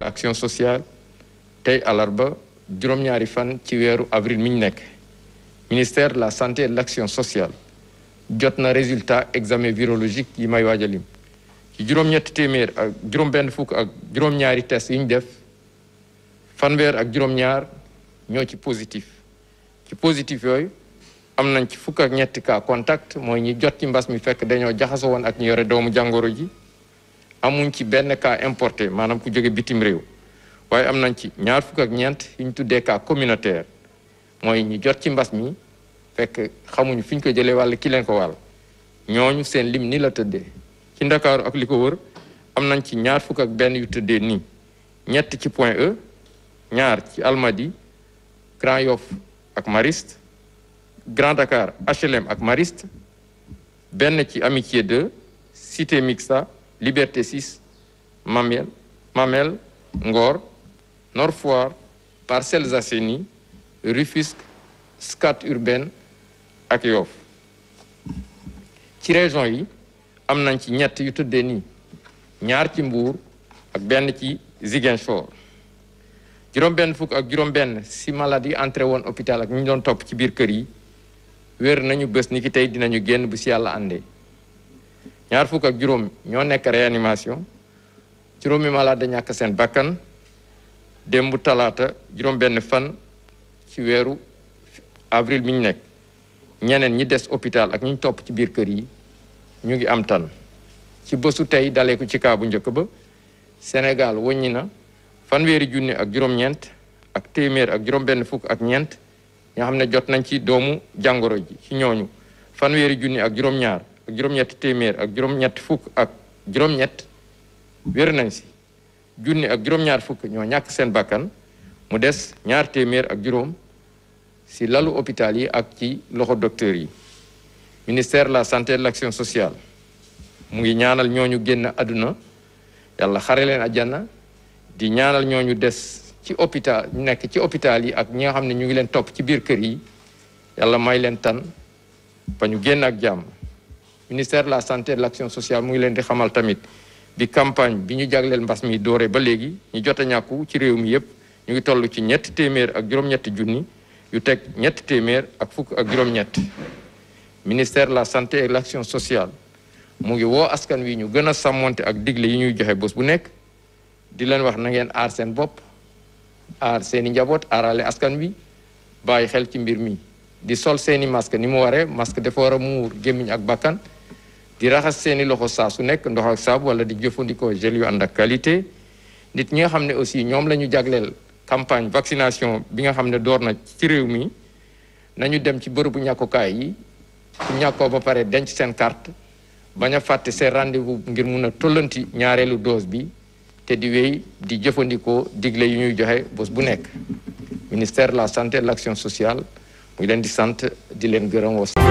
action sociale tey alarba juróom-ñaari fan ci weeru avril mi ñu nekk ministère de la santé et de l'action sociale jot na résultat examen virologique yi may waaj a lim ci téeméer ak juróom fukk ak juróom-ñaari test yi ñu def fanweer ak juróom ñoo ci positif ci positif yooyu am nañ ci fukk ak ñetti cas contact mooy ñi jot ci mbas mi fekk dañoo jaxasoo woon ak ñu yore doomu jàngoro ji amuñ ci benn cas importé maanaam ku jóge bitim réew waaye am nañ ci ñaar fukk ak ñeent yu ñu tuddee cas communautaire mooy ñu jot ci mbas mi fekk xamuñu fi ñu ko jëlee wàll ki leen ko wàll ñooñu seen lim ni la tëddee ci ndakaaru ak liko wër am nañ ci ñaar fukk ak benn yu tëddee nii ñett ci Point E ñaar ci Almadi Grand Yoff ak Mariste Grand Dakar HLM ak Mariste benn ci Amitié de Cité Mixa Liberté 6 Mamel Mamel Ngor Nord Foire Parcelles Assainies Rufisque Scat Urbam ak Yoff ci région yi am nañ ci ñett yu tëddee nii ñaar ci Mbour ak benn ci Ziguinchor juróom-benn fukk ak juróom-benn si malade yi entré woon hôpital ak ñu doon topp ci biir kër yi wér nañu bés niki tey dinañu génn bu si yàlla àndee ñaar fukk ak juróom ñoo nekk réanimation juróomi malade ñàkk seen bakkan démb talaata juróom-benn fan ci weeru avril mi ñu nekk ñeneen ñi des hôpital ak ñi topp ci biir kër yi ñu ngi am tan ci bësu tey dalee ci kaabu njëkk ba Sénégal wëññi na fan fanweeri junni ak juróom-ñeent ak téeméer ak juróom-benn fukk ak ñeent ñoo xam ne jot nañ ci doomu jàngoro ji ci ñooñu fan fanweeri junni ak juróom-ñaar. ak juróom-ñetti téeméer ak juróom fukk ak juróom-ñett wér nañ si junni ak juróom-ñaar fukk ñoo ñàkk seen bàkkan mu des ñaar téeméer ak juróom si lalu hôpital yi ak ci loxo docteur yi ministère la santé et de l'action sociale mu ngi ñaanal ñoo ñu génn àdduna yàlla xare leen jana di ñaanal ñu des ci hôpital nekk ci hôpital yi ak ñi nga xam ne ñu ngi leen topp ci biir kër yi yàlla may leen tan pañu génn ak jàmm ministère la santé et de l'action sociale mu ngi leen di xamal tamit bi campagne bi ñu jagleel mbas mi dooree ba léegi ñu jot ñàkku ci réew mi yépp ñu ngi toll ci ñett téeméer ak juróom-ñetti junni yu teg ñett téeméer ak fukk ak juróom-ñett ministère la santé et l'action sociale mu ngi woo askan wi ñu gën a sàmmonte ak digle yi ñuy joxe bés bu nekk di leen wax na ngeen aar seen bopp aar seeni njaboot aarale askan wi bàyyi xel ci mbir mi di sol seeni masque ni mu waree masque dafa war a muur gémmiñ ak bakkan di raxas seeni loxo saa su nekk ndox ak saabu wala di jëfandikoo gel yu ànd ak qualité nit ñi nga xam ne aussi ñoom la ñu jagleel campagne vaccination bi nga xam ne door na ci réew mi nañu dem ci bërëbu ñàkkukaay yi su ñàkkoo ba pare denc seen carte bañ a fàtte seen rendez-vous ngir mun a tollanti ñaareelu dose bi te di wéy di jëfandikoo digle yu ñuy joxe bés bu nekk ministère la santé de l'action sociale muy leen di sant di leen gërëm